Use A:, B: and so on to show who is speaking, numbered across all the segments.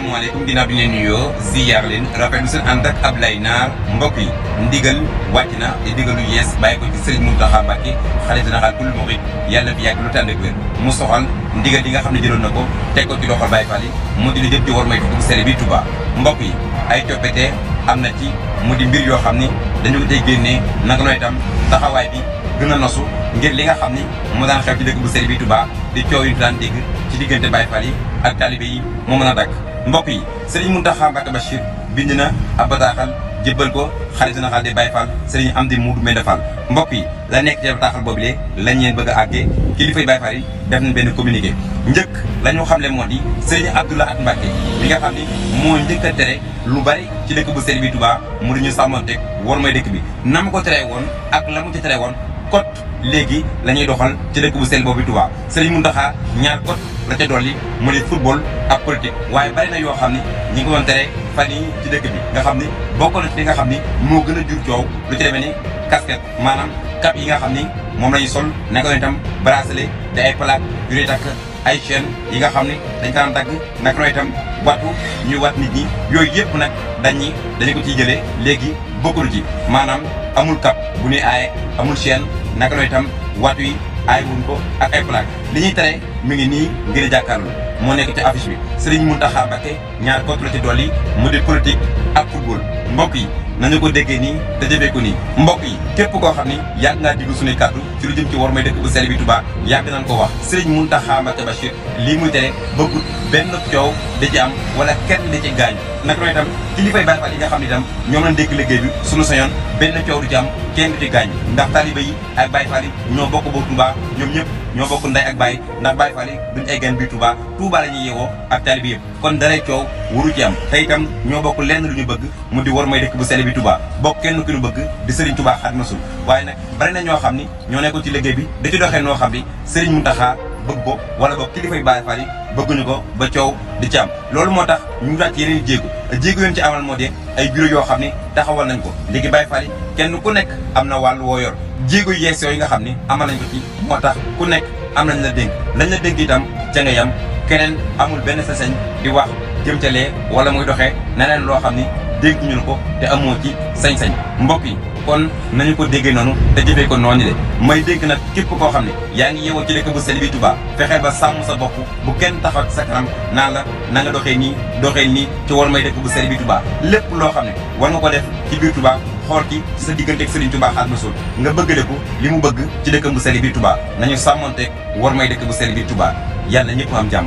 A: asalaamaaleykum ginnaaw bi ñu nuyoo nuyoo ziyaar rafet rafetlu seen ànd ak Ablaye Naar mbokk yi ndigal wàcc na te ndigalu yees bàyyi ko ci Serigne Mountakha Mbacké xalifa général kul murid yàlla fi yàgg lu tànd ak wér mu soxal ndigal yi nga xam ne jëloon na ko teg ko ci loxol Baye Fall yi mu di lu jëm ci war mooy dugg sere bi Touba mbokk yi ay coppite am na ci mu di mbir yoo xam ni dañu ko tey génnee naka nooy tam taxawaay bi gën a nosu ngir li nga xam ni moo daan xew ci dëkk bu sell bi Touba di coow yu daan dégg ci diggante Baye Fall yi ak taalibe yi moo mën a dakk mbokk yi Serigne Mountakha Mbacké Bachir bind na ab bataaxal jébbal ko xalifa général des Baye Fall Serigne Amdi Moudou Mbende Fall mbokk yi la nekk ci bataaxal boobule lañ leen bëgg a àggee kilifay Baye Fall yi def nañ benn communiqué njëkk la xam xamle moo di Serigne Abdoulahat Mbacké li nga xam ni moo njëkk a lu bari ci dëkk bu sell bi Touba mu di ñu sàmmanteeg war mooy dëkk bi na mu teree woon ak la mu ci teree woon kot legi la ñuy doxal ci dëkk bu seen boobu Touba Serigne Mountakha ñaar cote la ca dolli mu ne football ak politique waaye bari na yoo xam ne ñi ngi doon tere fan yi ci dëkk bi nga xam ne bokk na ci li nga xam ne moo jur coow lu ci demee casquette maanaam cap yi nga xam ni moom sol nekk na itam bracelet te ay plaque yu ñuy takk ay chaîne yi nga xam ne dañ ko daan dagg naka nooy itam wattu ñuy wat nit ñi yooyu yëpp nag dañ ñi dañu ko ciy jëlee léegi bokkul ci maanaam amul cap bu ñuy aaye amul chaîne naka nooy itam watu yi ay wuñ ko ak ay plaque li ñuy tere mu ngi nii ngir jàkkaarloo moo nekk ci affiche bi Serigne Mountakha Mbacké ñaar contre ci dool yi mu dee politique ak football mbokk yi nañu ko déggee nii te jëfee ko nii mbokk yi képp koo xam ni yàgg ngaa diglu suñuy kàddu ci lu jëm ci war may dëkk bu sell bi Touba yàgg nañ koo wax Serigne Mountakha Mbacké Bachir lii muy tere bëggut benn coow da ci am wala kenn da ci gaañu naka noonu itam kilifay Baay Faal yi nga xam ne itam ñoom lañ dégg liggéey bi suñu sañoon benn coow du ci am kenn du ci gaañu ndax taaliba yi ak Baay Faal yi ñoo bokk ba Touba ñoom ñëpp ñoo bokk ndey ak baay ndax Baay Faal yi duñ ay gan bi Touba Touba la ñuy yeewoo ak taaliba yëpp kon daray coow waru ci am te itam ñoo bokk lenn lu ñu bëgg mu di war may dëkk bu sell bi Touba bokk kenn ku ñu bëgg di Serigne Touba ak Nasul waaye nag bari na ñoo xam ni ñoo nekkoon ci liggéey bi da ci doxee noo xam ni Serigne Mountakha bëgg ko wala kilifa kilifay Baay Faal yi bëgguñu ko ba coow di ci am loolu moo tax ñu daal ci yeneen jéego jéego yoon ci amal moo dee ay bureau yoo xam ni taxawal nañ ko léegi Baay Faal yi kenn ku nekk am na wàllu woo yor jéego yees yooyu nga xam ni amal nañ ko ci moo tax ku nekk am nañ la dénk lañu la dénk itam ca nga yam keneen amul benn sa sañ di wax jëm ca lee wala muy doxee neneen loo xam ni dénk ñu ko te amoo ci sañ-sañ mbokk yi kon nañu ko déggee noonu te jëfee ko noonu de may dégg nag képp koo xam ne yaa ngi yeewoo ci dëkk bu sel bi Tuubaa fexe ba sàmm sa bopp bu kenn taxaw sa kanam naa la na nga doxee nii doxee nii ci war may dëkk bu sel bi Tuubaa lépp loo xam ne war nga ko def ci biir Tuubaa xool ci sa diggante ak Serigne Touba Xaadimu Rasuul nga bëgg de ko li mu bëgg ci dëkkam bu sell tubaab Touba nañu sàmmonteeg war may dëkk bu sell bi Touba yàlla ñëpp am jàmm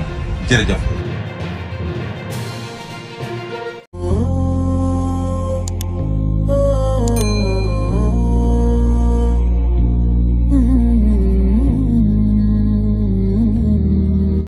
A: jërëjëf